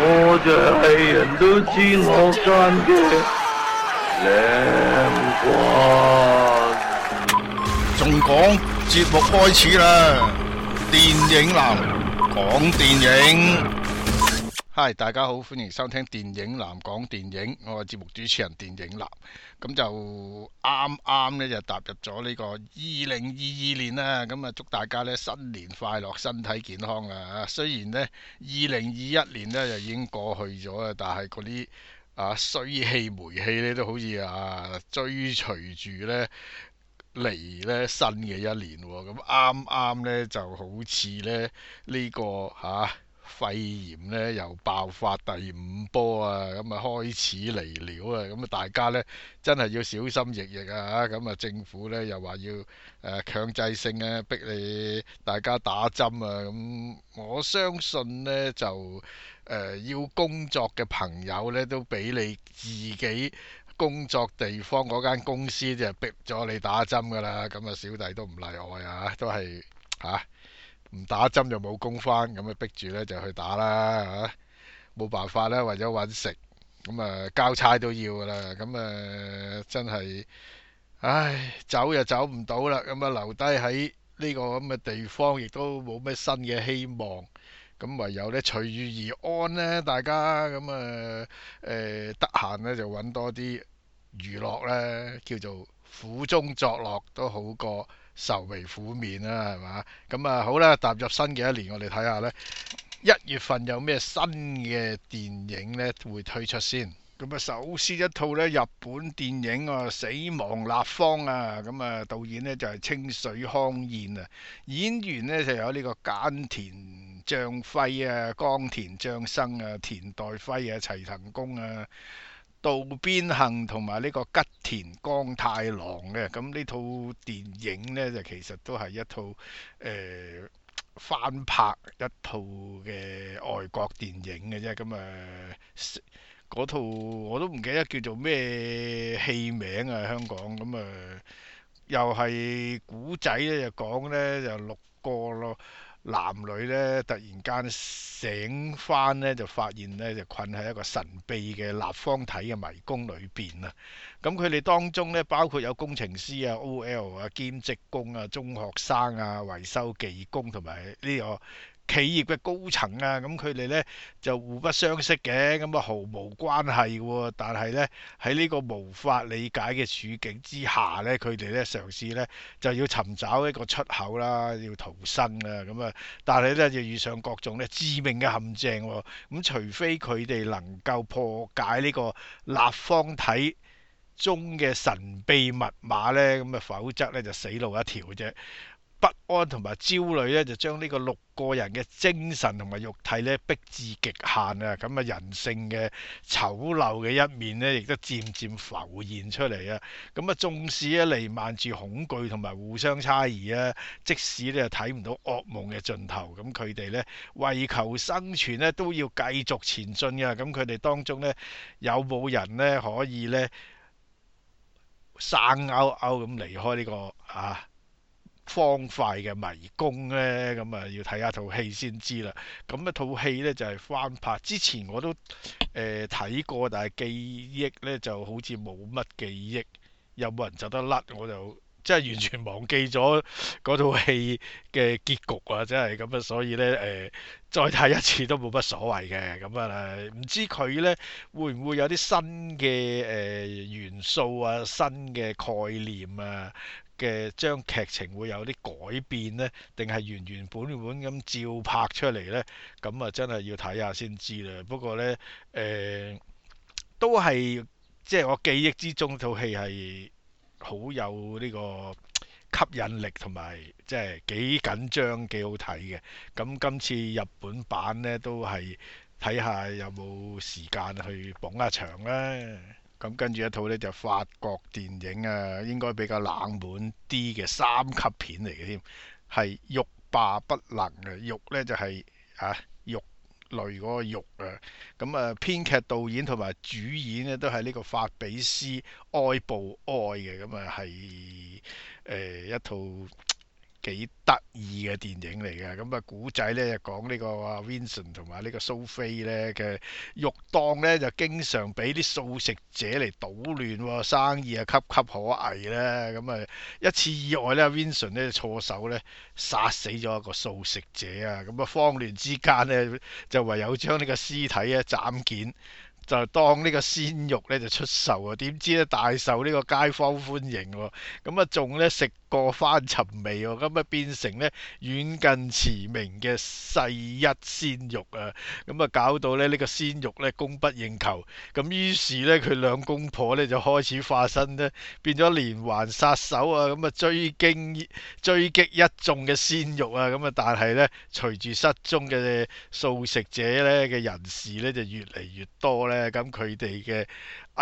我哋係人都知我真嘅靚過，仲講節目開始啦，電影男講電影。Hi, 大家好，歡迎收聽電影男講電影，我係節目主持人電影男。咁就啱啱咧就踏入咗呢個二零二二年啦，咁啊祝大家咧新年快樂，身體健康啊！雖然咧二零二一年咧就已經過去咗啦，但係嗰啲啊衰氣霉氣咧都好似啊追隨住咧嚟咧新嘅一年喎、哦。咁啱啱咧就好似咧呢、這個吓。啊肺炎咧又爆發第五波啊，咁、嗯、啊開始嚟了啊！咁、嗯、啊大家咧真係要小心翼翼啊！嚇咁啊政府咧又話要誒、呃、強制性咧、啊、逼你大家打針啊！咁、嗯、我相信咧就誒、呃、要工作嘅朋友咧都畀你自己工作地方嗰間公司就逼咗你打針㗎啦！咁、嗯、啊、嗯、小弟都唔例外啊，都係嚇。啊唔打針就冇工返，咁啊逼住咧就去打啦嚇，冇、啊、辦法咧，為咗揾食，咁、嗯、啊交差都要噶啦，咁、嗯、啊真係，唉走又走唔到啦，咁、嗯、啊留低喺呢個咁嘅地方，亦都冇咩新嘅希望，咁、嗯、唯有咧隨遇而安咧，大家咁啊誒得閒咧就揾多啲娛樂咧，叫做苦中作樂都好過。愁眉苦面啦，係嘛？咁啊，好啦，踏入新嘅一年，我哋睇下呢。一月份有咩新嘅電影呢？會推出先。咁啊，首先一套呢日本電影啊啊《死亡立方》啊，咁啊導演呢就係、是、清水康彥啊，演員呢就有呢個菅田將暉啊、江田將生啊、田代輝啊、齊藤公啊。道邊杏同埋呢個吉田鋼太郎嘅。咁呢套電影呢，就其實都係一套誒翻、呃、拍一套嘅外國電影嘅啫。咁啊，嗰套我都唔記得叫做咩戲名啊，香港咁啊，又係古仔咧，就講呢，就是、六哥咯。男女咧突然間醒翻咧，就發現咧就困喺一個神秘嘅立方體嘅迷宮裏邊啊！咁佢哋當中咧包括有工程師啊、OL 啊、兼職工啊、中學生啊、維修技工同埋呢個。企業嘅高層啊，咁佢哋呢就互不相識嘅，咁啊毫無關係喎。但係呢，喺呢個無法理解嘅處境之下呢，佢哋呢嘗試呢就要尋找一個出口啦，要逃生啊。咁啊，但係呢，就遇上各種呢致命嘅陷阱喎，啊。咁除非佢哋能夠破解呢個立方體中嘅神秘密碼呢，咁啊否則呢，就死路一條啫。不安同埋焦慮咧，就將呢個六個人嘅精神同埋肉體咧逼至極限啊！咁啊，人性嘅醜陋嘅一面咧，亦都漸漸浮現出嚟啊！咁啊，縱使咧彌漫住恐懼同埋互相猜疑啊，即使咧又睇唔到噩夢嘅盡頭，咁佢哋咧為求生存咧都要繼續前進、這個、啊。咁佢哋當中咧有冇人咧可以咧生勾勾咁離開呢個啊？方塊嘅迷宮呢，咁啊要睇下套戲先知啦。咁一套戲呢，就係翻拍之前我都誒睇過，但係記憶呢就好似冇乜記憶，有冇人走得甩我就即係完全忘記咗嗰套戲嘅結局啊！真係咁啊，所以呢，誒、呃、再睇一次都冇乜所謂嘅咁啊。唔知佢呢會唔會有啲新嘅誒、呃、元素啊，新嘅概念啊？嘅將劇情會有啲改變呢，定係原原本本咁照拍出嚟呢？咁啊，真係要睇下先知啦。不過呢，誒、呃、都係即係我記憶之中套戲係好有呢個吸引力同埋即係幾緊張幾好睇嘅。咁今次日本版呢，都係睇下有冇時間去捧下場啦。咁跟住一套咧就是、法國電影啊，應該比較冷門啲嘅三級片嚟嘅添，係肉罷不能、就是、啊，肉呢就係啊肉類嗰個肉啊，咁、嗯、啊編劇、導演同埋主演呢，都係呢個法比斯埃布埃嘅，咁啊係誒一套。幾得意嘅電影嚟嘅，咁啊古仔咧就講呢個 Vincent 同埋呢個蘇菲咧嘅肉檔咧就經常俾啲素食者嚟搗亂，生意啊岌岌可危啦。咁啊一次意外咧，Vincent 咧錯手咧殺死咗一個素食者啊。咁啊慌亂之間咧就唯有將呢個屍體啊斬件。就當個呢個鮮肉咧就出售啊，點知咧大受呢個街坊歡迎喎，咁啊仲咧食過返尋味喎，咁、哦、啊變成咧遠近馳名嘅世一鮮肉啊，咁啊搞到咧呢、這個鮮肉咧供不應求，咁、啊、於是咧佢兩公婆咧就開始化身咧變咗連環殺手啊，咁啊追擊追擊一眾嘅鮮肉啊，咁啊但係咧隨住失蹤嘅素食者咧嘅人士咧就越嚟越多咧。咁佢哋嘅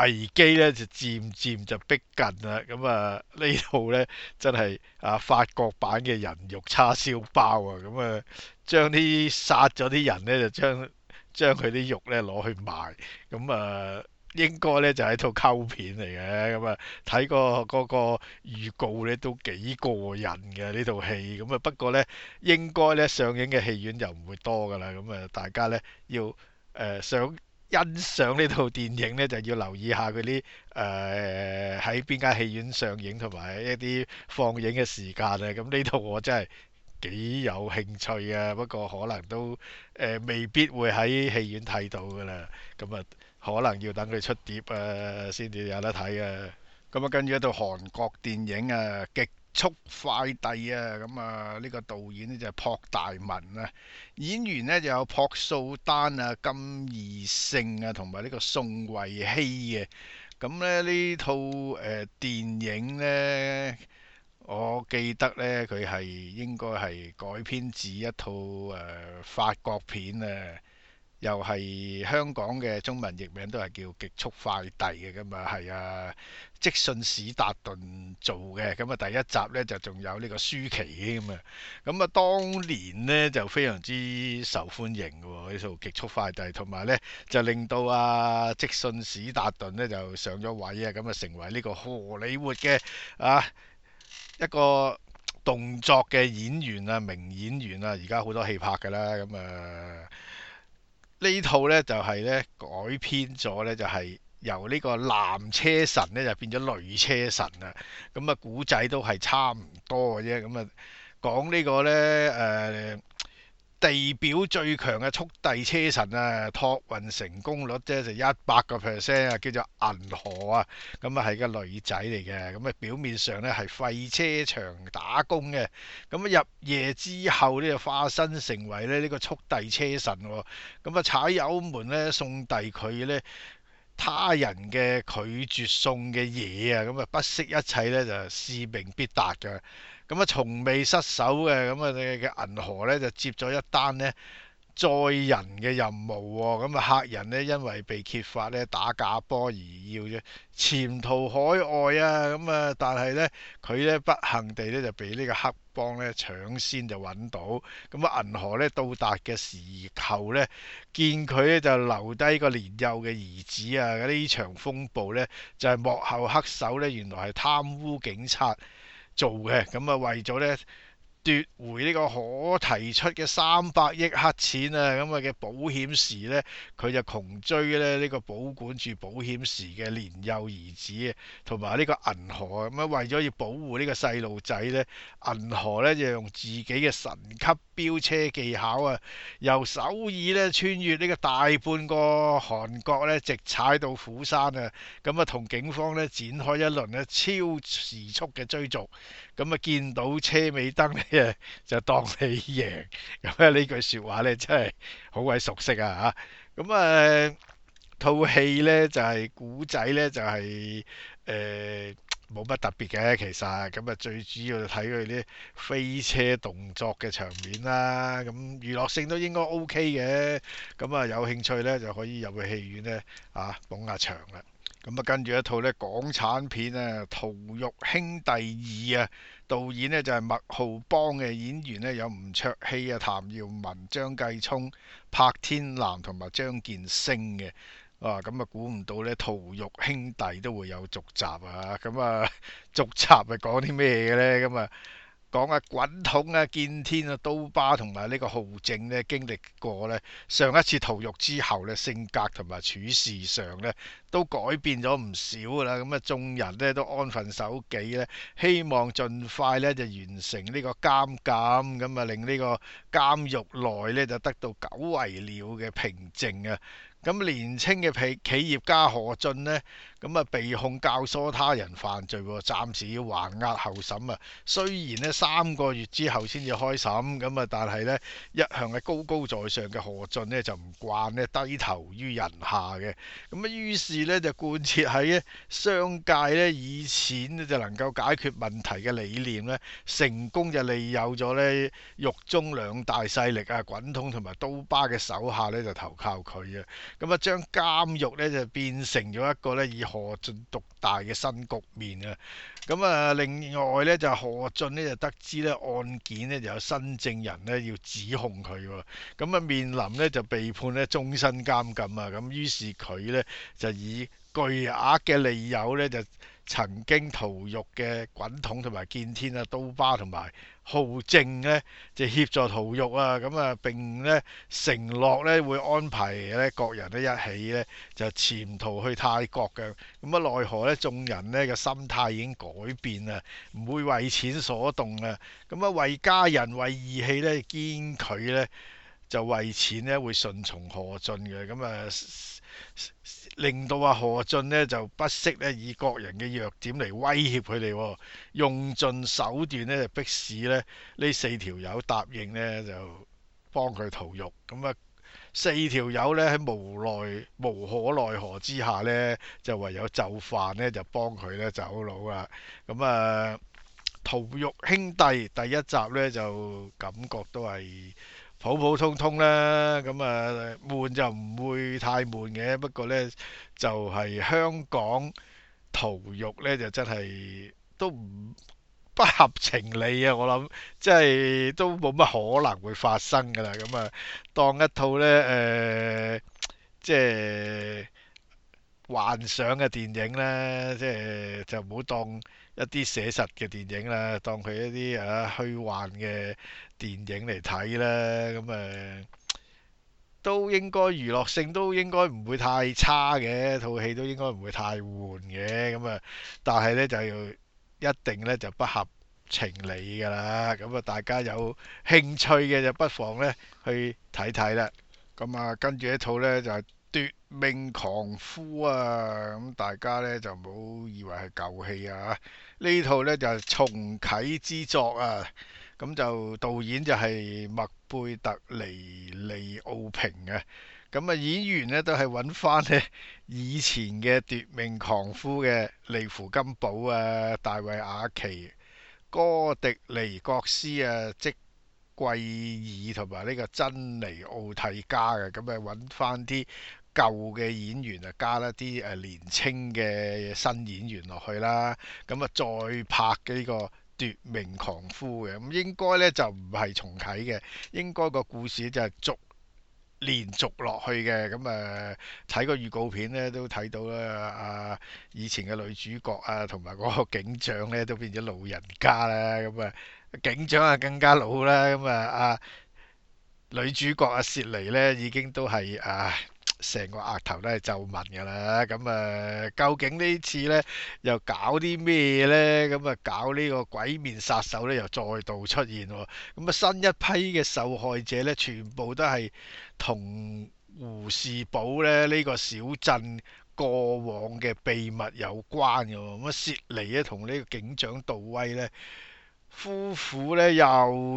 危機咧就漸漸就逼近啦。咁、嗯、啊呢套咧真係啊法國版嘅人肉叉燒包啊！咁、嗯、啊將啲殺咗啲人咧，就將將佢啲肉咧攞去賣。咁、嗯、啊應該咧就係一套溝片嚟嘅。咁啊睇個嗰個預告咧都幾過癮嘅呢套戲。咁、嗯、啊不過咧應該咧上映嘅戲院就唔會多㗎喇。咁、嗯、啊大家咧要誒想，呃上欣賞呢套電影呢，就要留意下佢啲誒喺邊間戲院上映同埋一啲放映嘅時間啊！咁呢套我真係幾有興趣啊，不過可能都誒、呃、未必會喺戲院睇到噶啦，咁、嗯、啊可能要等佢出碟啊先至有得睇啊！咁啊跟住一套韓國電影啊，極速快遞啊！咁啊，呢個導演呢就係朴大文啊，演員呢就有朴素丹啊、金義勝啊，同埋呢個宋慧希嘅，啊。咁咧呢套誒、呃、電影呢，我記得呢，佢係應該係改編自一套誒、呃、法國片啊。又係香港嘅中文譯名都係叫極速快遞嘅咁啊，係啊，即信史達頓做嘅咁啊，第一集呢就仲有呢個舒淇咁啊，咁啊，當年呢就非常之受歡迎嘅喎，呢套極速快遞同埋呢，就令到啊即信史達頓呢就上咗位啊，咁啊成為呢個荷里活嘅啊一個動作嘅演員啊，名演員啊，而家好多戲拍㗎啦咁啊。呢套呢就係呢，改編咗呢就係由呢個男車神呢就變咗女車神啦。咁啊，故仔都係差唔多嘅啫。咁啊、這個，講呢個呢。誒。地表最強嘅速遞車神啊，託運成功率啫就一百個 percent 啊，叫做銀河啊，咁啊係個女仔嚟嘅，咁、嗯、啊表面上咧係廢車場打工嘅，咁、嗯、啊入夜之後就化身成為咧呢、這個速遞車神、啊，咁啊踩油門咧送遞佢咧他人嘅拒絕送嘅嘢啊，咁、嗯、啊不惜一切咧就使命必達嘅。咁啊，從未失手嘅咁啊嘅嘅銀河咧，就接咗一單咧載人嘅任務。咁啊，客人咧因為被揭發咧打假波而要啫，潛逃海外啊。咁啊，但係咧佢咧不幸地咧就俾呢個黑幫咧搶先就揾到。咁啊，銀河咧到達嘅時候咧，見佢咧就留低個年幼嘅兒子啊。呢場風暴咧就係幕後黑手咧，原來係貪污警察。做嘅咁啊，為咗呢，奪回呢個可提出嘅三百億黑錢啊！咁啊嘅保險時咧，佢就窮追咧呢個保管住保險時嘅年幼兒子啊，同埋呢個銀河啊咁啊，為咗要保護呢個細路仔咧，銀河咧就用自己嘅神級飆車技巧啊，由首爾咧穿越呢個大半個韓國咧，直踩到釜山啊！咁、嗯、啊，同警方咧展開一輪咧超時速嘅追逐。咁啊，見到車尾燈咧， 就當你贏。咁啊，呢句説話咧，真係好鬼熟悉啊嚇！咁啊，套戲咧就係古仔咧就係誒冇乜特別嘅其實，咁啊最主要就睇佢啲飛車動作嘅場面啦。咁娛樂性都應該 OK 嘅。咁啊，有興趣咧就可以入去戲院咧啊，捧下場啦～咁啊、嗯，跟住一套咧，港產片啊，《逃獄兄弟二》啊，導演咧就係、是、麥浩邦嘅，演員咧有吳卓羲啊、譚耀文、張繼聰、柏天藍同埋張建聲嘅。啊，咁、嗯、啊，估唔到咧，《逃獄兄弟》都會有續集啊。咁、嗯、啊，續集係講啲咩嘅咧？咁、嗯、啊～講啊，滾筒啊，見天啊，刀疤同埋呢個浩正咧，經歷過咧上一次屠獄之後咧，性格同埋處事上咧都改變咗唔少噶啦。咁啊，眾人咧都安分守己咧，希望盡快咧就完成呢個監禁，咁啊令呢個監獄內咧就得到久違了嘅平靜啊！咁年青嘅企企業家何俊呢，咁啊被控教唆他人犯罪喎，暫時要還押候審啊。雖然呢三個月之後先至開審，咁啊，但係呢一向係高高在上嘅何俊呢，就唔慣呢低頭於人下嘅，咁啊於是呢，就貫徹喺商界呢以錢就能夠解決問題嘅理念呢，成功就利誘咗呢獄中兩大勢力啊，滾筒同埋刀疤嘅手下呢就投靠佢啊。咁啊，將監獄咧就變成咗一個咧以何俊獨大嘅新局面啊！咁啊，另外咧就何俊咧就得知咧案件咧就有新證人咧要指控佢喎，咁啊面臨咧就被判咧終身監禁啊！咁於是佢咧就以巨額嘅利誘咧就。曾經屠獄嘅滾筒同埋見天啊，刀疤同埋浩正呢就協助屠獄啊。咁、嗯、啊，並呢承諾呢會安排呢各人都一起呢就潛逃去泰國嘅。咁、嗯、啊，奈何呢，眾人呢嘅心態已經改變啦，唔會為錢所動啊。咁、嗯、啊，為家人為義氣呢堅拒呢就為錢呢會順從何進嘅。咁、嗯、啊。嗯嗯嗯嗯令到阿何俊呢就不惜咧以各人嘅弱點嚟威脅佢哋，哦，用盡手段咧就逼使咧呢四條友答應咧就幫佢逃獄。咁、嗯、啊，四條友咧喺無奈無可奈何之下咧就唯有就範咧就幫佢咧走佬啦。咁、嗯、啊，逃獄兄弟第一集咧就感覺都係普普通通啦，咁啊悶就唔會太悶嘅，不過呢，就係、是、香港逃獄呢，就真係都唔不，不合情理啊！我諗即係都冇乜可能會發生㗎喇，咁啊當一套呢，誒、呃、即係幻想嘅電影呢，即係就唔好當。一啲寫實嘅電影啦，當佢一啲啊虛幻嘅電影嚟睇啦，咁、嗯、誒都應該娛樂性都應該唔會太差嘅，套戲都應該唔會太悶嘅，咁、嗯、誒，但係呢，就要一定呢，就不合情理㗎啦。咁、嗯、啊，大家有興趣嘅就不妨呢去睇睇啦。咁、嗯、啊，跟住一套呢，就係《奪命狂呼》啊，咁、嗯、大家呢，就唔好以為係舊戲啊。呢套呢就係重啟之作啊，咁就導演就係麥貝特尼利奧平嘅，啊，咁啊演員呢都係揾翻呢以前嘅奪命狂呼嘅利夫金寶啊、大衛亞奇、哥迪尼國斯啊，即。桂爾同埋呢個珍妮奧蒂加嘅，咁啊揾翻啲舊嘅演員啊，加一啲誒年青嘅新演員落去啦，咁啊再拍嘅呢個奪命狂呼嘅，咁應該呢就唔係重啟嘅，應該，應該個故事就係續連續落去嘅。咁啊睇個預告片呢都睇到啦，啊以前嘅女主角啊同埋嗰個警長呢都變咗老人家啦，咁啊～警長啊，更加老啦，咁啊，啊、呃、女主角阿雪莉咧，已經都係啊，成、呃、個額頭都係皺紋嘅啦。咁、嗯、啊，究竟次呢次咧又搞啲咩呢？咁、嗯、啊，搞呢個鬼面殺手呢，又再度出現喎。咁、嗯、啊，新一批嘅受害者呢，全部都係同胡士寶咧呢、呢個小鎮過往嘅秘密有關嘅喎。咁、嗯、啊，雪莉啊，同呢個警長杜威呢。夫婦咧又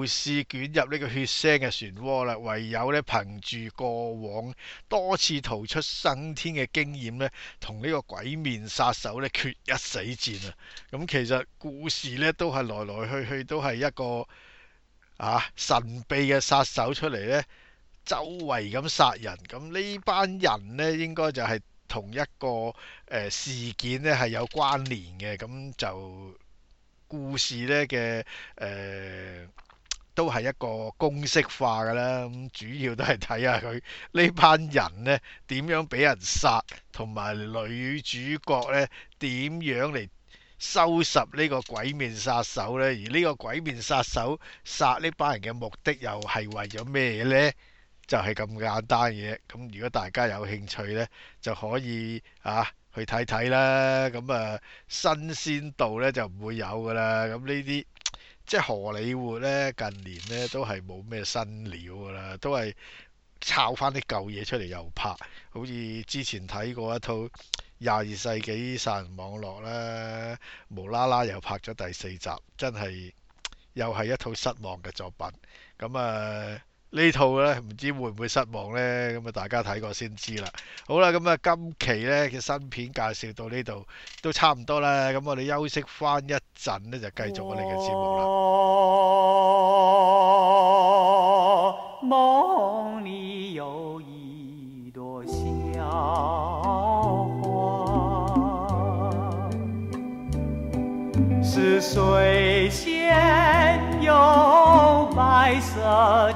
試捲入呢個血腥嘅漩渦啦，唯有咧憑住過往多次逃出生天嘅經驗咧，同呢個鬼面殺手咧決一死戰啊！咁其實故事咧都係來來去去都係一個啊神秘嘅殺手出嚟咧，周圍咁殺人，咁呢班人咧應該就係同一個誒事件咧係有關聯嘅，咁就。故事呢嘅誒都係一個公式化㗎啦，咁主要都係睇下佢呢班人呢點樣俾人殺，同埋女主角呢點樣嚟收拾呢個鬼面殺手呢，而呢個鬼面殺手殺呢班人嘅目的又係為咗咩呢？就係咁簡單嘅。咁如果大家有興趣呢，就可以啊。去睇睇啦，咁啊新鮮度呢就唔會有噶啦。咁呢啲即係荷里活呢，近年呢都係冇咩新料噶啦，都係抄翻啲舊嘢出嚟又拍。好似之前睇過一套廿二世紀殺人網絡啦，無啦啦又拍咗第四集，真係又係一套失望嘅作品。咁啊～、呃呢套咧，唔知會唔會失望呢？咁啊，大家睇過先知啦。好啦，咁啊，今期咧嘅新片介紹到呢度都差唔多啦。咁我哋休息翻一陣呢，就繼續我哋嘅節目啦。夢裏有一朵小花，是誰先有白色。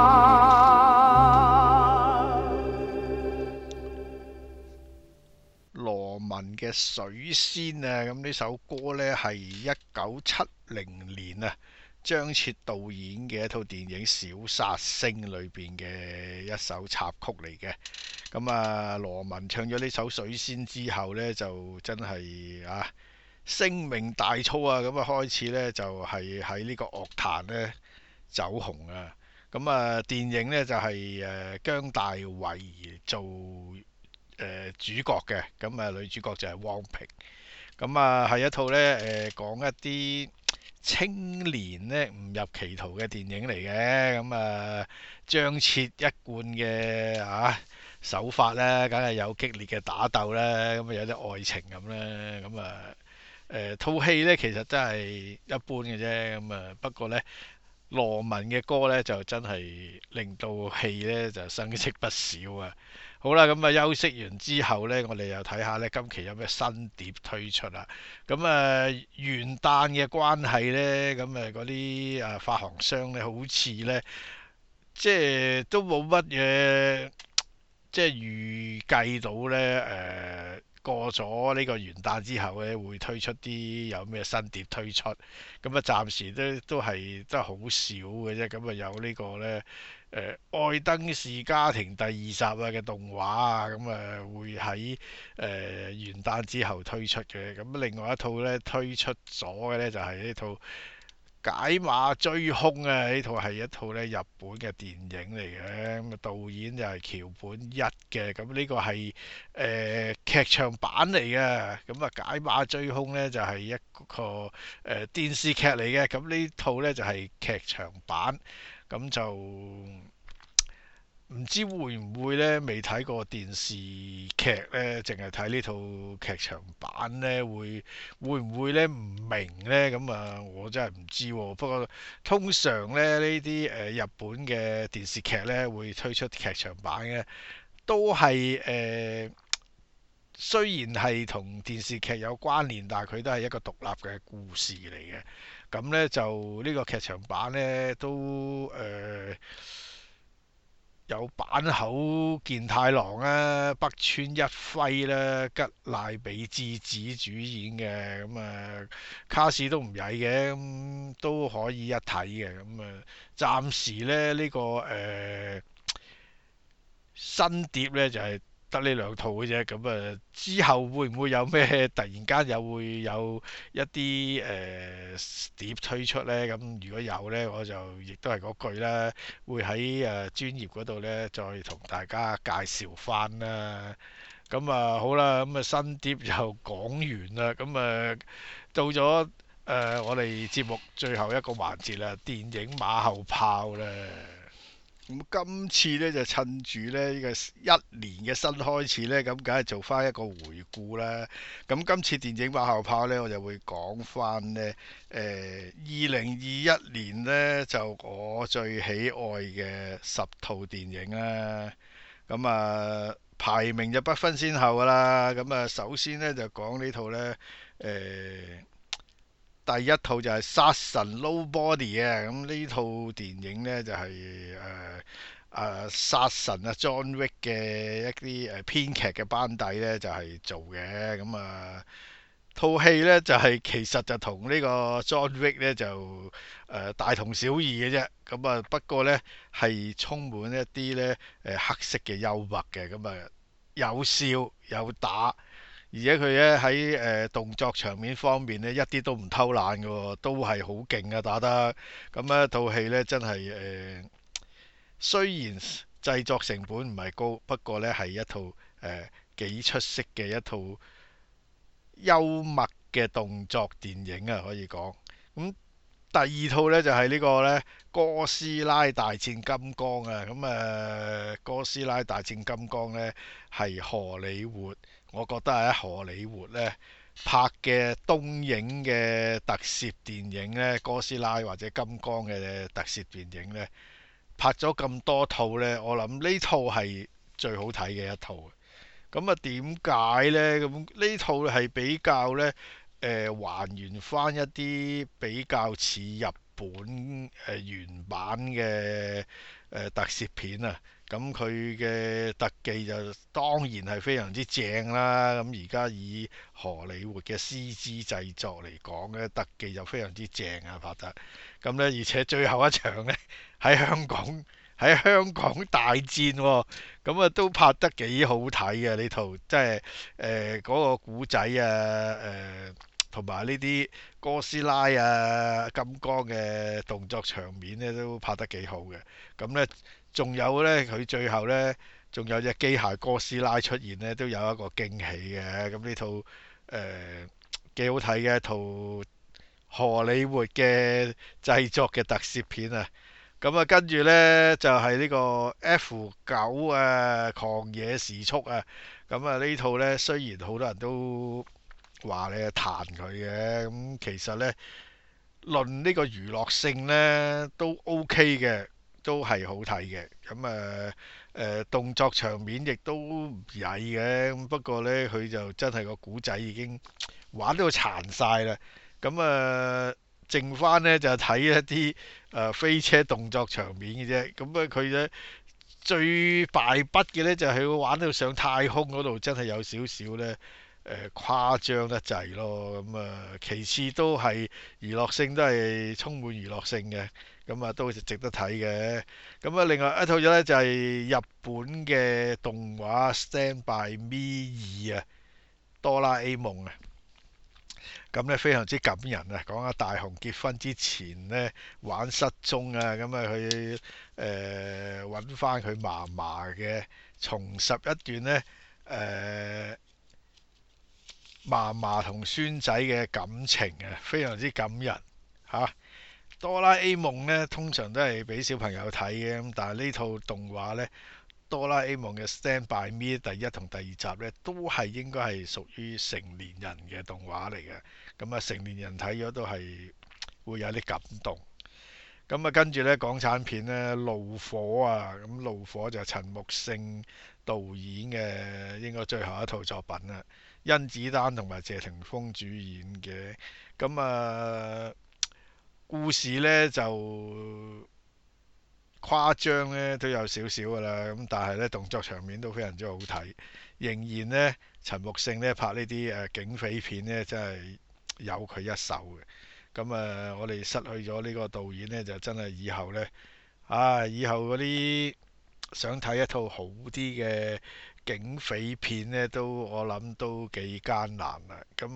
嘅水仙啊，咁呢首歌呢，係一九七零年啊張徹導演嘅一套電影《小煞星》裏邊嘅一首插曲嚟嘅。咁、嗯、啊羅文唱咗呢首水仙之後呢，就真係啊聲名大噪啊！咁、嗯、啊開始呢，就係喺呢個樂壇呢走紅、嗯、啊。咁啊電影呢，就係、是、誒、啊、姜大衛做。呃、主角嘅咁啊，女主角就係汪萍咁、嗯、啊係一套咧誒、呃、講一啲青年咧唔入歧途嘅電影嚟嘅，咁、嗯、啊張徹一貫嘅啊手法咧，梗係有激烈嘅打鬥啦，咁、嗯、啊有啲愛情咁啦，咁、嗯、啊誒、呃、套戲咧其實真係一般嘅啫，咁、嗯、啊不過咧羅文嘅歌咧就真係令到戲咧就生色不少啊！好啦，咁、嗯、啊休息完之後呢，我哋又睇下呢今期有咩新碟推出啊？咁、嗯、啊元旦嘅關係呢，咁、嗯、啊嗰啲啊發行商呢，好似呢，即係都冇乜嘢，即係預計到呢，誒、呃，過咗呢個元旦之後呢，會推出啲有咩新碟推出？咁、嗯、啊暫時都都係都係好少嘅啫。咁、嗯、啊有呢個呢。誒、呃、愛登士家庭第二集啊嘅動畫啊，咁、嗯、啊會喺誒元旦之後推出嘅。咁、嗯、另外一套咧推出咗嘅咧就係呢套解碼追兇啊！呢套係一套咧日本嘅電影嚟嘅、嗯，咁啊導演就係橋本一嘅。咁、嗯、呢、這個係誒、呃、劇場版嚟嘅。咁、嗯、啊解碼追兇咧就係、是、一個誒、呃、電視劇嚟嘅。咁、嗯、呢套咧就係、是、劇場版。咁就唔知會唔會呢？未睇過電視劇呢，淨係睇呢套劇場版呢，會會唔會呢？唔明呢？咁啊，我真係唔知喎、哦。不過通常咧，呢啲誒日本嘅電視劇呢，會推出劇場版嘅，都係誒、呃、雖然係同電視劇有關聯，但係佢都係一個獨立嘅故事嚟嘅。咁咧就呢個劇場版咧都誒、呃、有坂口健太郎啊、北村一輝啦、啊，吉瀨美智子主演嘅，咁啊卡士都唔曳嘅，咁都可以一睇嘅，咁啊暫時咧呢、呢個誒、呃、新碟咧就係、是。得呢兩套嘅啫，咁啊之後會唔會有咩突然間又會有一啲誒、呃、碟推出呢？咁如果有呢，我就亦都係嗰句啦，會喺誒、呃、專頁嗰度呢再同大家介紹翻啦。咁啊好啦，咁啊新碟又講完啦，咁啊到咗誒、呃、我哋節目最後一個環節啦，電影馬後炮啦。咁今次咧就趁住咧呢個一年嘅新開始咧，咁梗係做翻一個回顧啦。咁今次電影馬後炮咧，我就會講翻咧誒二零二一年咧就我最喜愛嘅十套電影啦。咁啊排名就不分先後噶啦。咁啊首先咧就講呢套咧誒。呃第一套就係、是《殺神 Nobody》啊，咁呢套電影呢、就是，就係誒誒殺神啊 John Wick 嘅一啲誒編劇嘅班底呢，嗯啊、就係做嘅，咁啊套戲呢，就係其實就同呢個 John Wick 呢，就、呃、誒大同小異嘅啫，咁、嗯、啊不過呢，係充滿一啲呢誒黑色嘅幽默嘅，咁、嗯、啊有笑有打。而且佢咧喺誒動作場面方面咧一啲都唔偷懶嘅、哦，都係好勁嘅打得。咁咧套戲咧真係誒、呃，雖然製作成本唔係高，不過咧係一套誒、呃、幾出色嘅一套幽默嘅動作電影啊，可以講。咁、嗯、第二套咧就係、是、呢個咧哥斯拉大戰金剛啊。咁、嗯、誒哥斯拉大戰金剛咧係荷里活。我覺得喺荷里活呢拍嘅東影嘅特攝電影呢，哥斯拉或者金剛嘅特攝電影呢拍咗咁多套呢，我諗呢套係最好睇嘅一套。咁啊，點解呢？咁呢套係比較呢，誒、呃、還原返一啲比較似日本誒、呃、原版嘅、呃、特攝片啊。咁佢嘅特技就當然係非常之正啦。咁而家以荷里活嘅 C.G. 製作嚟講咧，特技就非常之正啊，拍得。咁咧，而且最後一場咧喺香港，喺香港大戰喎、哦。咁、呃那個、啊，都拍得幾好睇啊！呢套即係誒嗰個古仔啊誒。同埋呢啲哥斯拉啊、金剛嘅動作場面咧，都拍得幾好嘅。咁、嗯、咧，仲有咧，佢最後咧，仲有隻機械哥斯拉出現咧，都有一個驚喜嘅。咁、嗯、呢套誒幾、呃、好睇嘅一套荷里活嘅製作嘅特攝片啊。咁、嗯、啊，跟住咧就係、是、呢個 F 九啊，狂野時速啊。咁、嗯、啊，套呢套咧雖然好多人都～話你彈佢嘅，咁其實呢，論呢個娛樂性呢都 OK 嘅，都係、OK、好睇嘅。咁誒誒動作場面亦都唔曳嘅，不過呢，佢就真係個古仔已經玩到殘晒啦。咁誒、呃、剩翻呢就睇一啲誒、呃、飛車動作場面嘅啫。咁啊佢呢最敗筆嘅呢，就係佢玩到上太空嗰度，真係有少少呢。誒誇張得滯咯，咁啊，其次都係娛樂性都係充滿娛樂性嘅，咁啊都值得睇嘅。咁啊，另外一套嘢呢，就係日本嘅動畫《Stand by Me》二啊，《哆啦 A 夢》啊，咁呢，非常之感人啊！講下大雄結婚之前呢，玩失蹤啊，咁啊去誒揾翻佢嫲嫲嘅重拾一段呢，誒、呃。嫲嫲同孫仔嘅感情啊，非常之感人嚇。哆啦 A 夢呢，通常都係俾小朋友睇嘅，但係呢套動畫呢，哆啦 A 夢嘅 Stand by me 第一同第二集呢，都係應該係屬於成年人嘅動畫嚟嘅。咁、嗯、啊，成年人睇咗都係會有啲感動。咁、嗯、啊，跟住呢港產片呢，《怒火》啊，咁、嗯《怒火》就係陳木勝導演嘅，應該最後一套作品啦。甄子丹同埋謝霆鋒主演嘅，咁啊故事呢就誇張呢都有少少噶啦，咁但係呢，動作場面都非常之好睇，仍然呢，陳木勝呢拍呢啲誒警匪片呢，真係有佢一手嘅，咁啊我哋失去咗呢個導演呢，就真係以後呢，啊以後嗰啲。想睇一套好啲嘅警匪片咧，都我諗都幾艱難啦。咁、嗯、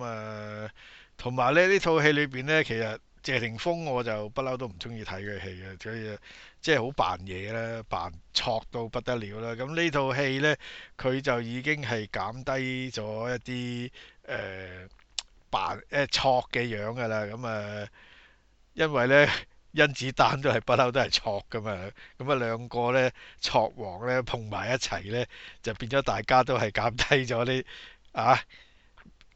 啊，同埋咧呢套戲裏邊咧，其實謝霆鋒我就不嬲都唔中意睇佢戲嘅，所以即係好扮嘢啦，扮錯到不得了啦。咁、嗯、呢套戲咧，佢就已經係減低咗一啲誒扮誒錯嘅樣噶啦。咁、嗯、啊、嗯，因為咧。甄子丹都係不嬲，都係錯㗎嘛。咁啊，兩個咧，錯王咧碰埋一齊咧，就變咗大家都係減低咗啲啊，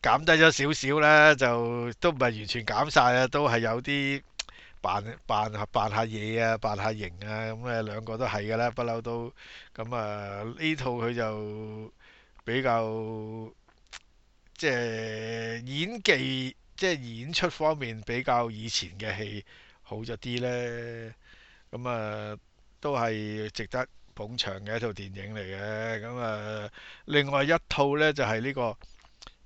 減低咗少少啦，就都唔係完全減晒啦，都係有啲扮扮下，扮，扮，扮下嘢啊，扮下型啊，咁啊兩個都係㗎啦，不嬲都咁啊。呢套佢就比較即係演技，即係演出方面比較以前嘅戲。好咗啲呢，咁啊都係值得捧場嘅一套電影嚟嘅。咁啊，另外一套呢，就係呢個《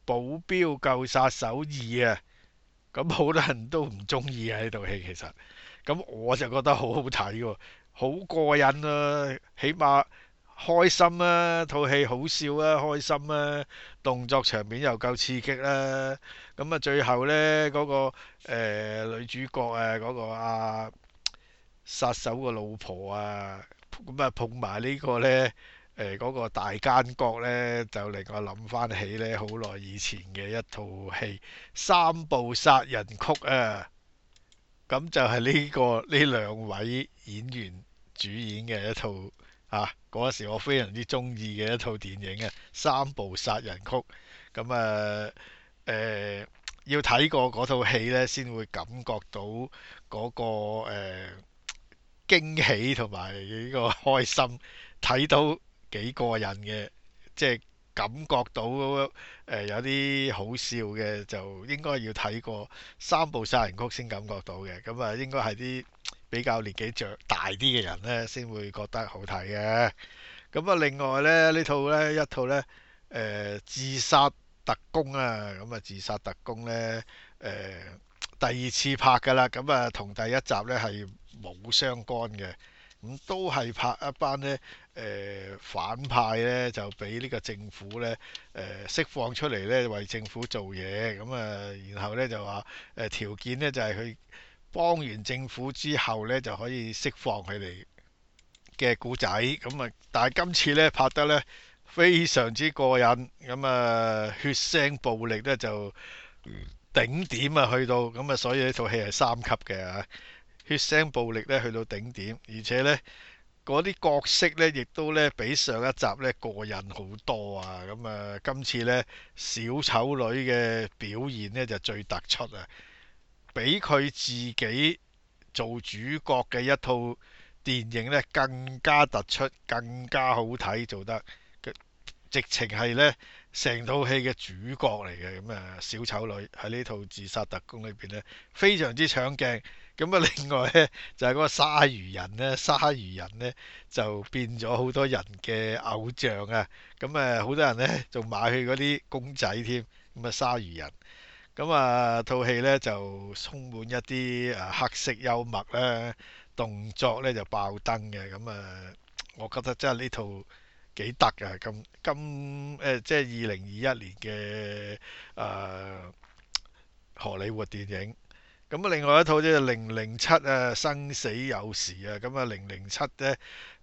保鏢救殺手二》啊，咁好多人都唔中意啊呢套戲其實，咁我就覺得好好睇喎，好過癮啊，起碼。開心啦、啊，套戲好笑啊，開心啦、啊，動作場面又夠刺激啦。咁啊，最後呢嗰、那個、呃、女主角啊，嗰、那個阿、啊、殺手個老婆啊，咁啊碰埋呢個呢，誒、呃、嗰、那個大奸角呢，就令我諗翻起呢好耐以前嘅一套戲《三步殺人曲》啊。咁就係呢、這個呢兩位演員主演嘅一套啊。嗰時我非常之中意嘅一套電影啊，《三部殺人曲》，咁啊，誒、嗯呃、要睇過嗰套戲呢，先會感覺到嗰、那個誒、呃、驚喜同埋呢個開心，睇到幾過癮嘅，即係感覺到誒、呃、有啲好笑嘅，就應該要睇過《三部殺人曲》先感覺到嘅，咁、嗯、啊應該係啲。比較年紀長大啲嘅人呢，先會覺得好睇嘅。咁啊，另外咧呢套呢一套呢，誒、呃、自殺特工啊，咁、嗯、啊自殺特工呢，誒、呃、第二次拍㗎啦。咁、嗯、啊，同第一集呢係冇相關嘅。咁、嗯、都係拍一班呢誒、呃、反派呢，就俾呢個政府呢誒、呃、釋放出嚟呢，為政府做嘢。咁、嗯、啊、呃，然後呢就話誒條件呢，就係佢。幫完政府之後咧，就可以釋放佢哋嘅古仔咁啊！但係今次咧拍得咧非常之過癮，咁啊血腥暴力咧就頂點啊去到，咁啊所以呢套戲係三級嘅啊，血腥暴力咧去到頂點，而且咧嗰啲角色咧亦都咧比上一集咧過癮好多啊！咁啊今次咧小丑女嘅表現咧就最突出啊！比佢自己做主角嘅一套電影呢，更加突出、更加好睇，做得直情係呢成套戲嘅主角嚟嘅。咁、嗯、啊，小丑女喺呢套自殺特工裏邊呢，非常之搶鏡。咁、嗯、啊，另外呢，就係、是、嗰個鯊魚人呢，鯊魚人呢，就變咗好多人嘅偶像啊。咁、嗯、啊，好多人呢，仲買佢嗰啲公仔添。咁、嗯、啊，鯊魚人。咁啊套戲呢就充滿一啲啊黑色幽默啦，動作呢就爆燈嘅。咁啊，我覺得真係呢套幾得啊！咁今誒即係二零二一年嘅啊荷里活電影。咁啊另外一套即係零零七啊，生死有時啊。咁啊零零七呢，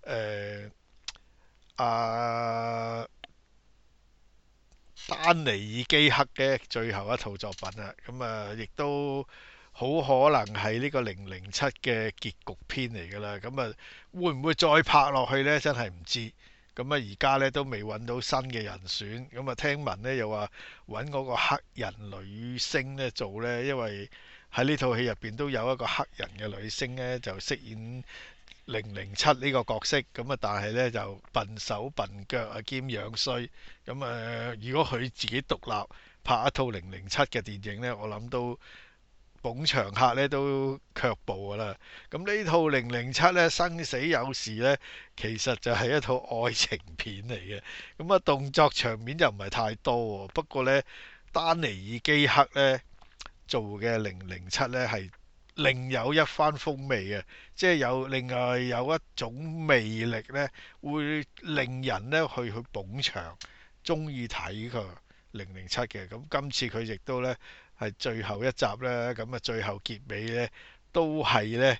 誒啊～丹尼爾基克嘅最後一套作品呀，咁啊亦都好可能係呢個零零七嘅結局篇嚟㗎啦，咁、嗯、啊會唔會再拍落去呢？真係唔知。咁啊而家呢都未揾到新嘅人選，咁、嗯、啊聽聞呢又話揾嗰個黑人女星呢做呢，因為喺呢套戲入邊都有一個黑人嘅女星呢就飾演。零零七呢個角色咁啊，但係呢就笨手笨腳啊，兼樣衰。咁、嗯、啊、呃，如果佢自己獨立拍一套零零七嘅電影呢，我諗都捧場客呢都卻步㗎啦。咁呢套零零七呢，生死有時呢其實就係一套愛情片嚟嘅。咁、嗯、啊，動作場面就唔係太多喎。不過呢，丹尼爾基克呢做嘅零零七呢係。另有一番風味嘅，即係有另外有一種魅力呢，會令人呢去去捧場，中意睇佢零零七嘅。咁今次佢亦都呢係最後一集呢，咁啊最後結尾呢都係呢，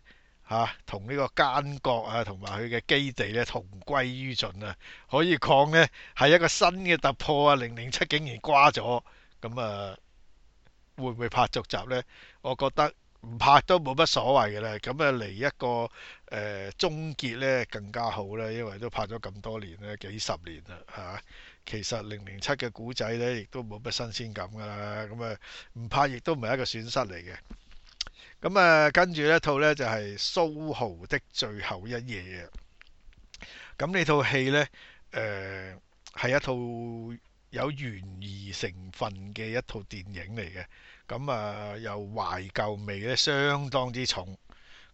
嚇、啊、同呢個奸角啊同埋佢嘅基地呢同歸於盡啊！可以講呢係一個新嘅突破啊！零零七竟然瓜咗，咁啊會唔會拍續集呢？我覺得。唔拍都冇乜所謂嘅啦，咁啊嚟一個誒終、呃、結咧更加好咧，因為都拍咗咁多年咧，幾十年啦，係、啊、其實零零七嘅古仔咧，亦都冇乜新鮮感噶啦，咁啊唔拍亦都唔係一個損失嚟嘅。咁、嗯、啊，跟住一套咧就係《蘇豪的最後一夜》嘅、嗯。咁呢套戲咧，誒、呃、係一套。有懸疑成分嘅一套電影嚟嘅，咁、嗯、啊又懷舊味呢，相當之重。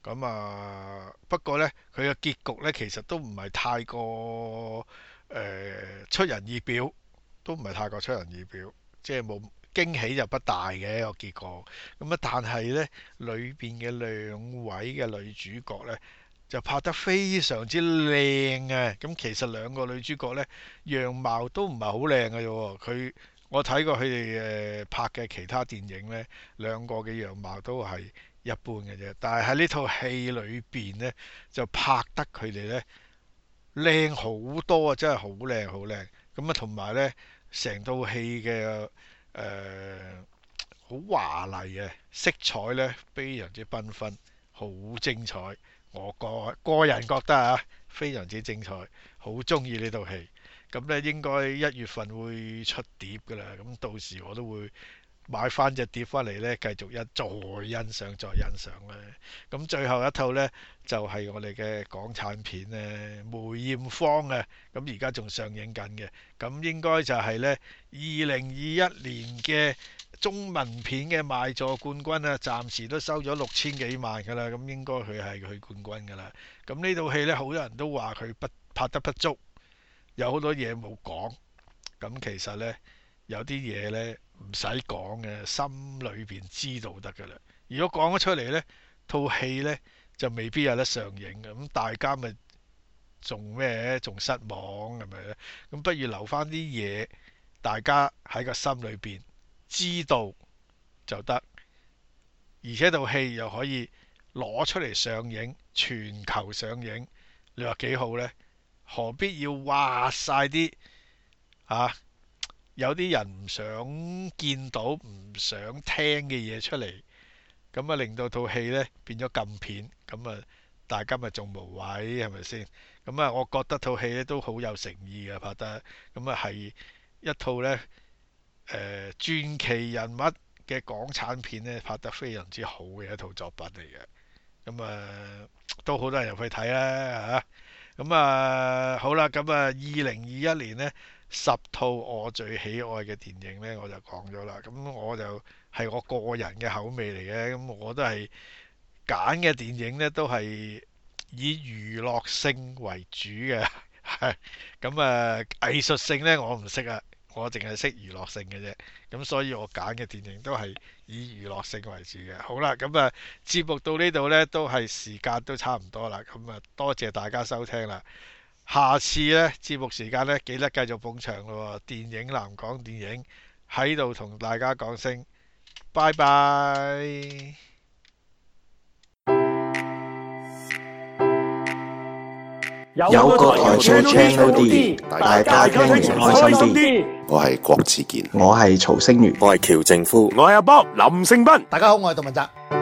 咁、嗯、啊不過呢，佢嘅結局呢，其實都唔係太過、呃、出人意表，都唔係太過出人意表，即係冇驚喜就不大嘅一、這個結果。咁、嗯、啊，但係呢，裏邊嘅兩位嘅女主角呢。就拍得非常之靚啊！咁其實兩個女主角呢，樣貌都唔係好靚嘅啫。佢我睇過佢哋誒拍嘅其他電影呢，兩個嘅樣貌都係一般嘅啫。但係喺呢套戲裏邊呢，就拍得佢哋呢靚好多啊！真係好靚好靚。咁啊！同埋呢成套戲嘅誒好華麗嘅色彩呢，非常之繽紛，好精彩。我個個人覺得啊，非常之精彩，好中意呢套戲。咁呢應該一月份會出碟噶啦，咁到時我都會買翻隻碟翻嚟呢，繼續一再欣賞再欣賞啦。咁最後一套呢，就係、是、我哋嘅港產片呢梅艷芳》啊，咁而家仲上映緊嘅，咁應該就係呢二零二一年嘅。中文片嘅賣座冠軍啊，暫時都收咗六千幾萬㗎啦。咁、嗯、應該佢係佢冠軍㗎啦。咁呢套戲呢，好多人都話佢不拍得不足，有好多嘢冇講。咁、嗯、其實呢，有啲嘢呢唔使講嘅，心裏邊知道得㗎啦。如果講咗出嚟呢套戲呢，就未必有得上映嘅。咁、嗯、大家咪仲咩？仲失望咁樣？咁不、嗯、不如留返啲嘢，大家喺個心裏邊。知道就得，而且套戲又可以攞出嚟上映，全球上映，你話幾好呢？何必要話晒啲，啊，有啲人唔想見到、唔想聽嘅嘢出嚟？咁啊，令到套戲咧變咗禁片，咁啊大家咪仲無謂係咪先？咁啊，我覺得套戲咧都好有誠意嘅拍得，咁啊係一套呢。誒、呃、傳奇人物嘅港產片咧，拍得非常之好嘅一套作品嚟嘅，咁、嗯、啊、呃、都好多人入去睇啦嚇，咁啊、嗯、啊好啦，咁啊二零二一年呢十套我最喜愛嘅電影呢，我就講咗啦，咁、嗯、我就係我個人嘅口味嚟嘅，咁、嗯、我都係揀嘅電影呢都係以娛樂性為主嘅，咁、嗯、啊、嗯、藝術性呢，我唔識啊。我淨係識娛樂性嘅啫，咁所以我揀嘅電影都係以娛樂性為主嘅。好啦，咁啊節目到呢度呢，都係時間都差唔多啦。咁、嗯、啊，多謝大家收聽啦。下次呢節目時間呢，記得繼續捧場咯。電影男講電影喺度同大家講聲拜拜。有個台 Channel D，大家聽完開心啲。我係郭子健，我係曹星如，我係喬正夫，我係阿 Bob，林勝斌。大家好，我係杜汶澤。